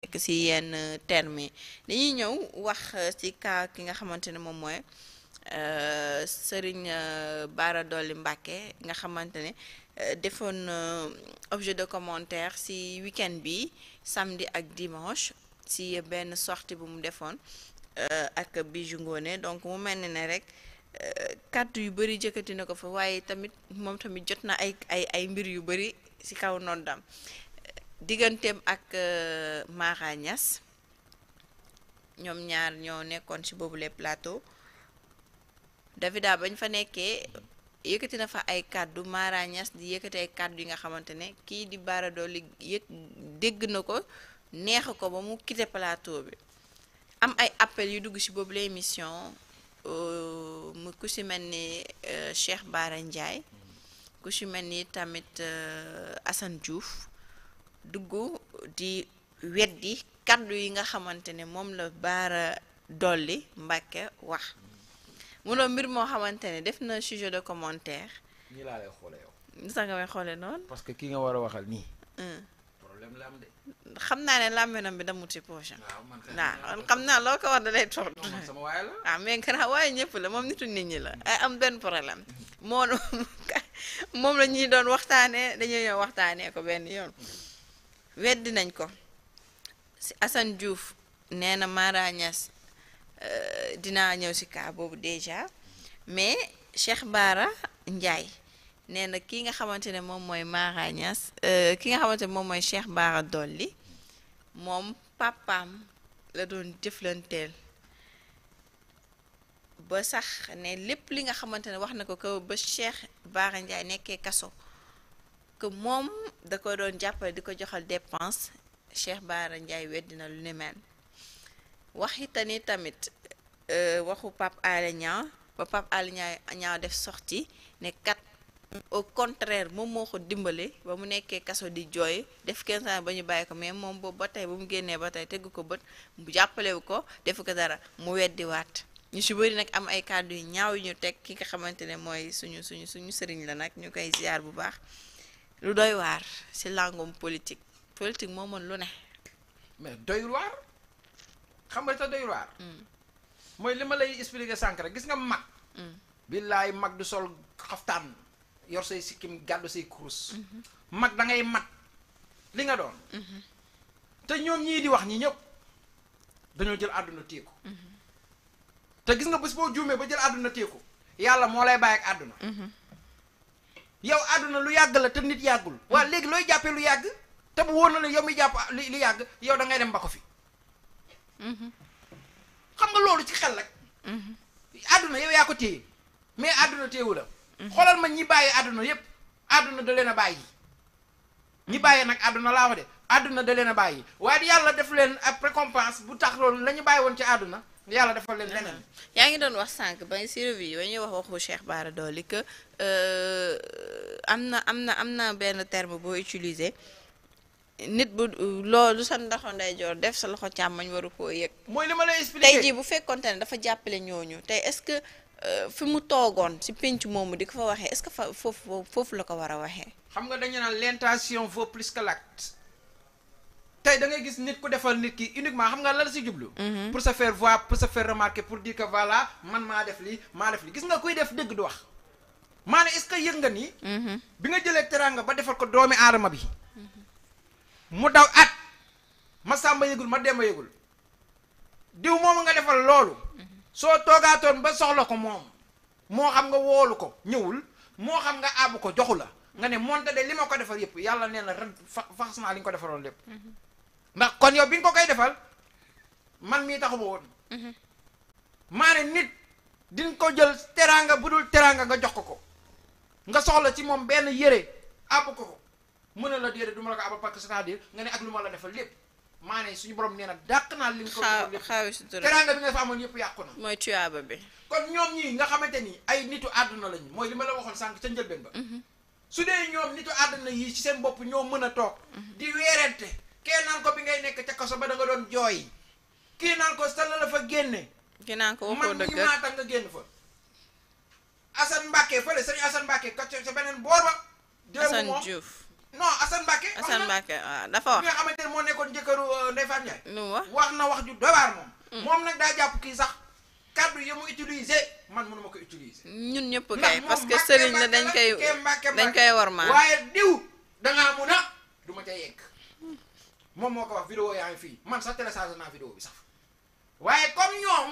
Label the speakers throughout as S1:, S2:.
S1: nekk si yenn euh, termes yi dañuy ñëw wax euh, ci cas ki nga xamante ne moom mooy euh, sëriñ Bara Dolly Mbacké nga xamante ne defoon objet de commentaire si week bi samdi ak dimanche si benn sortie bu mu defoon ak Bijou ngoone donc mu mel ne ne kàddu yu bëri jëkkati na ko fa waaye tamit moom tamit jot na ay ay mbir yu bëri si kaw noddam digantem ak eh, maranyas ñom ñaar ño platu ci boobu les plateau Davida bañ fa nekké yëkëti na fa ay di yëkëti ay kàddu yi nga xamantene ki di Bara li yëk dégg nako neex ko ba mu quitter plateau bi am ay appel yu dugg ci emision l'émission euh, mu ku ci euh, Cheikh Bara Ndiaye ku ci tamit euh, Assane Diouf duggu di weddi kàddu yi nga xamante ne moom la baara dolli Mbàkke wax mu mbir moo xamante ne def na sujet de commentaire.
S2: nii laa lay xoolee yow.
S1: nga may xoolee noonu.
S2: parce que ki nga war a waxal nii. Mm. la
S1: xam naa ne làmminam bi damu ci poche waaw man xam naa loo ko wax da lay tontu. sama waay la ah mais waaye ñëpp la moom nitu nit ñi la. Mm. ay am benn problème. moo moom la ñuy doon waxtaanee dañuy ñëw waxtaanee ko benn yoon. Mm. weddi nañ ko si Assane Diouf nee na Mara Niass euh, dinaa ñëw si cas boobu déjà mais Cheikh Bara Ndiaye nee na ki nga xamante ne moom mooy Mara Niass euh, ki nga xamante ne moom mooy Cheikh Bara Dolly moom papaam la doon jëflanteel ba sax ne lépp li nga xamante ne wax na ko ko ba Cheikh Bara Ndiaye nekkee kaso que moom da ko doon jàppale di ko joxal dépense Cheikh Baara Ndiaye weddina lu ne mel waxi tani tamit euh, waxu Pape Alé Niang ba Pape Alé Niang def sorti ne kat au contraire moom moo ko dimbale ba mu nekkee kaso di jooy def kenn saa ba ñu bàyyi ko mais moom boobu ba tey ba mu génnee ba tey tegu ko bët mu jàppalewu ko defu ko dara mu weddiwaat ñu si bëri nag am ay kàddu yu ñaaw yu ñu teg ki nga xamante ne mooy suñu suñu suñu sëriñ la nag ñu koy ziar bu baax lu doy war si langum politique politique moo mon lu ne
S2: mais doy war xam nga ta doy war hmm. mooy lima ma lay expliquer sànq rek gis nga mak hmm. billaay mag du sol xaftaan yor say sikim gàddu say kurus mhm. mak da ngay mat li nga doon mhm. te ñoom ñii di wax ñi ñëpp dañoo jël àdduna téeku mhm. te gis nga bés boo juumee ba jël àdduna téeku yàlla moo lay ak yow àdduna lu yàgg la te nit yàggul waa léegi looy jàppee lu yàgg te woon na la yow mi jàpp li yàgg yow dangay ngay dem ba ko fi xam nga loolu ci xel rek àdduna yow yaa ko téye mais àdduna téewu la xoolal ma ñi bàyyi àdduna yépp àdduna da leen a bàyyi ñi bàyyi nag àdduna laa wax de àdduna de leen a bàyyi waaye yàlla def leen ab récompense bu tax loolu la ñu bàyyi woon ci àdduna yàlla defal leen leneen.
S1: yaa ngi doon wax sànq ba si revue ba ñuy wax waxu Cheikh Bara Dolly que euh, am na am na am na benn terme boo utilisé nit bu loolu sa ndaxo ndeyjoor def sa loxo càmmoñ waru koo yëg. mooy li ma lay expliqué tey jii bu fekkonte ne dafa jàppale ñooñu tey est-ce que euh, fi mu toogoon si penc moomu di ko fa waxee est-ce que fa foofu foofu la ko war a waxee.
S2: xam nga dañu naan l'intention vaut plus que tay da ngay gis nit ku defal nit ki uniquement xam nga lan la ci djublu mhm. pour se faire voir pour se faire remarquer pour dire que voilà man ma def li ma def li gis nga kuy def deug du wax mané est ce que yeug nga ni mhm. bi nga jëlé teranga ba defal ko doomi adama bi mu daw at ma samba yegul ma dem yegul diw mom nga defal lolu so togaton ba soxla ko mom mo xam nga wolu ko ñewul mo xam nga abu ko joxula nga ne monta de limako defal yep yalla neena faxna li ko defaron lepp mhm ndax kon yow biñ ko koy defal man mi taxu won mhm. maa nit diñ ko jël teranga budul teranga nga jox ko ko nga soxla ci mom ben yéré ab ko ko mëna la yéré duma la ko abal pak c'est-à-dire nga ne ak luma ma la defal lepp mané suñu borom dak na liñ ko defal teranga bi nga fa amon yépp yàqu na mooy tuyaaba bi kon ñom ñi nga xamante ni ay nitu aduna lañ moy lima la waxon sank ca ba mhm. su dé ñom nitu aduna yi ci seen bop ñom mëna tok mhm. di kee naan ko bi ngay nekk ca kaso ba da nga doon jooy kii naan ko sa la fa génne. kii naan ko waxoo dëgg man ñi génn fa. Assane Mbacke fële sëñ Assane Mbacke kat ca beneen boor ba. Assane Diouf non Assane waaw dafa wax. moo nekkoon jëkkëru euh, Ndeye wax na wax ju dobaar moom. Mm. moom nag daa jàpp kii sax kaddu yi mu utiliser man mënu ma ko utiliser. ñun ñëpp kay parce que sëriñ la dañ koy dañ koy war maa. waaye diw da ngaa mun a du ma ca yegg. Mm. mom moko wax vidéo yaa fi man sax télécharger na vidéo bi sax waye comme ñom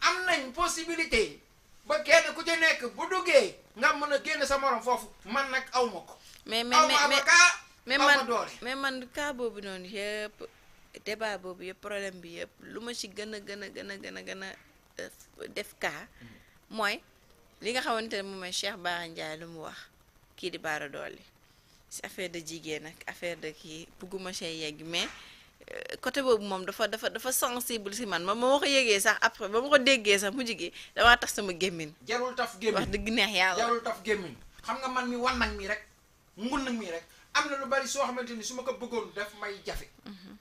S2: am nañ possibilité ba kenn ku ci nekk bu duggé nga mëna a sa morom fofu man nak aw ma mais mais mais mais man
S1: mais man ka bobu non yépp débat bobu yépp problème bi yépp luma ci gëna gëna gëna gëna gëna euh, def ka mm-hmm. moy li nga xamante mo may Cheikh lu mu wax ki di Bara Dolly si affaire de jigéen ak affaire de kii bugguma see yegg mais euh, côté boobu moom dafa dafa dafa sensible si man ma ma ko yëgee sax après ba ma ko déggee sax mujj gi
S2: dama tax sama gemin jarul taf gemin wax dëgg neex yàlla jarul taf gemin xam nga man mi wan nag mi rek ngun nag mi rek am na lu bari soo xamante ni su ma ko bëggoon def may jafe mm-hmm.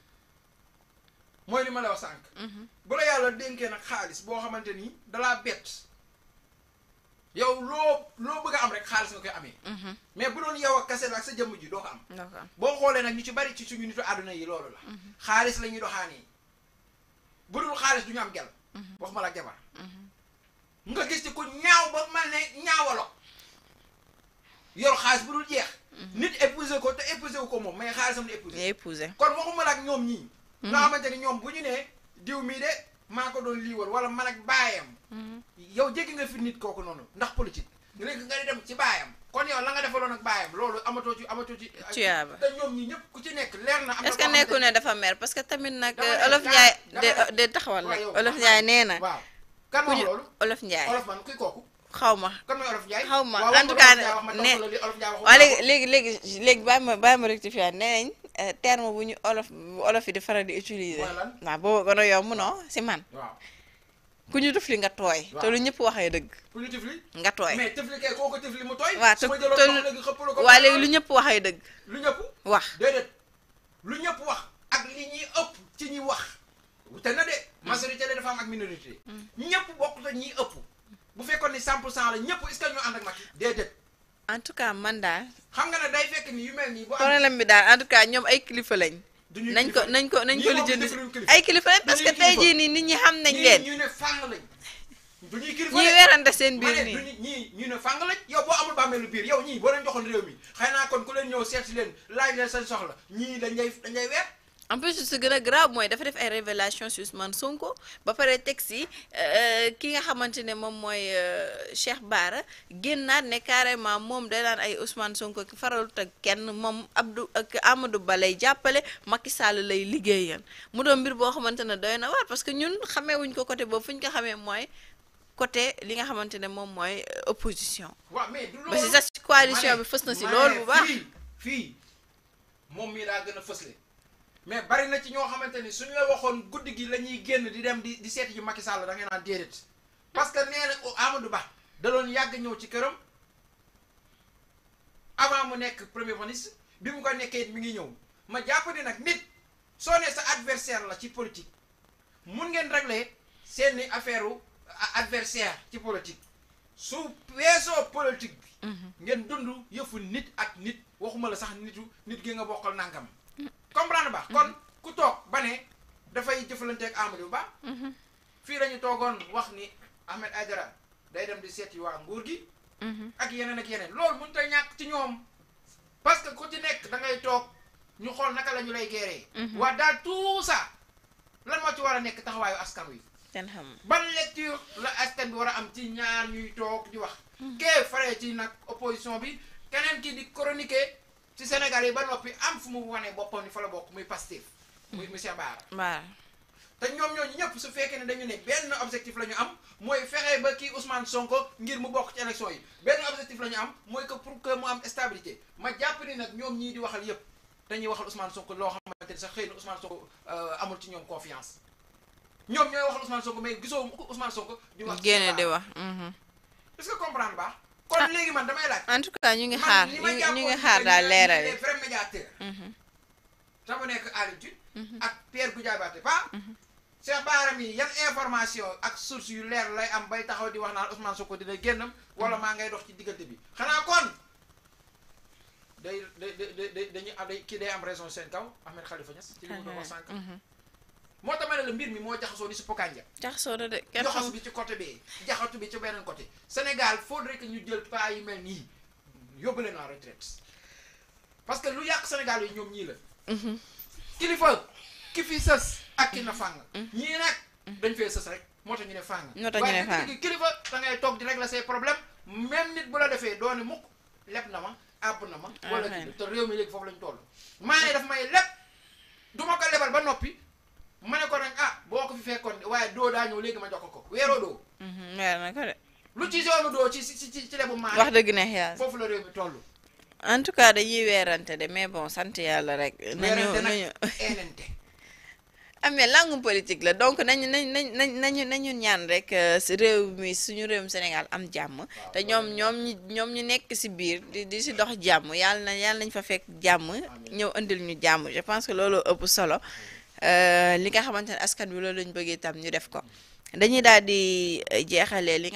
S2: mooy li ma la wax sànq mm-hmm. bu la yàlla dénkee nag xaalis boo xamante ni dalaa bett yow loo loo bëgg am rek xaalis nga koy amee. Mhm. mais bu doon yow ak kase ak sa jëmm ji doo ko am. boo xoolee nag ñu ci bari ci suñu àdduna yi loolu la. Mhm. xaalis la ñuy doxaani bu dul xaalis du ñu am gel mhm. wax ma la jabar. nga gis ci ku ñaaw ba mal ne ñaawalo yor xaalis bu dul jeex. nit épousé ko te épousé wu ko moom mais xaalisam la épousé. épousé kon waxuma la ak ñoom ñii. nga xamante ni ñoom bu ñu nee diw mii de maa ko doon liiwal wala man ak baayam. yow jéggi nga fi nit kooku noonu ndax politique. léegi nga di dem ci baayam kon yow la nga defaloon ak baayam loolu amatoo ci amatoo ci. tuyaaba te ñoom ñëpp ku ci nekk leer na. am na que nekkul
S1: ne dafa mer parce que tamit nag. Euh, olof Ndiaye de de taxawal nag. olof Ndiaye nee na. waaw kan moo loolu olof Ndiaye olof man kuy kooku. xaw ma
S2: xaw ma en tout cas ne waaw
S1: léegi léegi léegi bàyyi ma bàyyi ma rectifier nee euh, terme bu ñu olof olof yi di faral di utiliser. waaw boobu gën a yomb si man. ku ñu tëfli nga tooy. te lu ñëpp waxee dëgg. ku ñu tëfli nga mais tëfli
S2: kay koo ko tëfli mu tooy. waaw te te waa léegi lu ñëpp waxee dëgg. lu ñëpp wax déedéet lu ñëpp wax ak li ñuy ëpp ci ñi wax wute na de mm. majorité la dafa am ak minorité. Mm. ñëpp bokkut ak ñi ëpp. bu fekkoon ne 100 pour cent la ñëpp est-ce que ñoo ànd ak en tout man daal. xam nga ne day fekk ni yu mel nii. bu problème
S1: bi daal en tout cas ñoom ay kilifa lañ. nañ ko nañ ko nañ ko lijjanti ay kilifa lañ parce que tey jii nii nit ñi xam nañ leen
S2: ñu ne fàng lañ du ñuy kilifa ñuy weerante seen biir nii ñii ñu ne fàng lañ yow boo amul bàmmeelu biir yow ñii boo leen joxoon réew mi xëy naa kon ku leen ñëw seet si leen laaj leen seen soxla ñi dañ lay dañ lay weer en plus su gën a
S1: grave mooy dafa def ay révélation sur Ousmane Sonko ba pare teg si euh, ki nga xamante ne moom mooy euh, Cheikh Bara naa ne carrément moom da naan ay Ousmane Sonko ki faralut ak kenn moom Abdou ak Amadou Ba lay jàppale Macky Sall lay liggéeyal mu doon mbir boo xamante ne doy na waar parce que ñun xameewuñ ko côté boobu fu ñu ko xamee mooy côté li nga xamante ne moom mooy euh, opposition.
S2: waaw mais du loolu coalition bi fës na si loolu bu baax. fii moom mais bari na ci ñoo xamanteni suñu la waxoon guddi gi la génn di dem di di seeti ji Macky Sall da ngay naan déedéet parce que nee na oh, Amadou Ba da doon yàgg ñëw ci këram avant mu nekk premier ministre bi mu ko nekkee mi ngi ñëw ma jàpp ni nag nit soo sa adversaire la ci politique mun ngeen réglé seen i affaire adversaire ci politique su weesoo politique bi. Mhm. ngeen dund yëfu nit ak nit waxuma la sax nitu nit gi nga bokkal nangam. Mm comprendre ba mhm. kon ku tok bané da fay jëfalante ak amadou ba mhm. fi lañu togon wax ni ahmed adara day dem di seeti wa nguur gi mhm. ak yenen ak yenen lool muñ tay ñak ci ñoom parce que ku ci nekk da ngay tok ñu xol naka la lay géré wa da tout ça lan mo ci wara nekk taxawayu askan wi ban lecture la askan bi wara am ci ñaar ñuy tok di wax faré ci nak opposition bi kenen ki di chroniquer ci Sénégal yi ba noppi am fu mu wane boppam ni fa la bok muy pastif muy monsieur bar ba te ñom ñoo ñepp su fekkee ne dañu ne benn objectif lañu am moy fexé ba ki Ousmane Sonko ngir mu bok ci élection yi benn objectif lañu am moy que pour que mu am stabilité ma japp ni nak ñom ñi di waxal yépp dañuy waxal Ousmane Sonko lo xamanteni sax xëy Ousmane Sonko euh, amul ci ñom confiance ñom ñoy waxal Ousmane Sonko mais gisoo Ousmane Sonko. di wax génne di
S1: wax. Mhm.
S2: est-ce que comprendre ba kon léegi man damay laaj.
S1: en tout cas ñu ngi xaar ñu ngi xaar daal leeral yi
S2: vrai médiateur. te mu nekk altitude. ak Pierre Goudiaby Atepa. Cheikh Baara mi yan information ak source yu leer lay am bay taxaw di wax naan Ousmane Sonko dina génnam wala maa ngay dox ci diggante bi xanaa kon. day day day dañuy am day kii day am raison seen kaw Ahmed Khalifa Niass. ci li mu doon wax moo tax ma ne la mbir mi moo jaxasoo ni su pokaanja jaxasoo na de joxas bi ci côté bi jaxatu bi ci beneen côté Sénégal faudrait que ñu jël paa yu mel nii yóbbu leen en retraite parce que lu yàq Sénégal yi ñoom ñii la mhm. kilifa ki fi sës ak ki na fàng mhm. ñii nag dañ fee sës rek moo tax ñu ne fàng waaye nag kilifa da ngay toog di la say problème même nit bu la defee doone mukk leb na ma àbb na ma ah, wala te réew mi léegi foofu lañ ba noppi ma ne ko nag ah boo ko fi fekkoon waaye doo daa ñëw léegi ma jox ko weeroo doo.
S1: Mhm, weer na ko de. lu ci zone doo ci
S2: maa. wax dëgg ne yàlla foofu la réew mi toll. en tout
S1: cas dañuy weerante de mais bon sant yàlla rek. nañu nañu weerante ah, politique la donc nañu nañ nañ nañu nañu ñaan rek euh, réew mi suñu réew Sénégal am jàmm te ñoom ñoom ñu ñoom ñu nekk ci biir di di ci dox jàmm yàlla na yàlla nañ fa fekk jàmm ñëw indil ñu jàmm je pense que loolu ëpp solo Euh, li nga xamante ne askan wi loolu lañ bëggee tam ñu def ko dañuy daal di euh, jeexalee li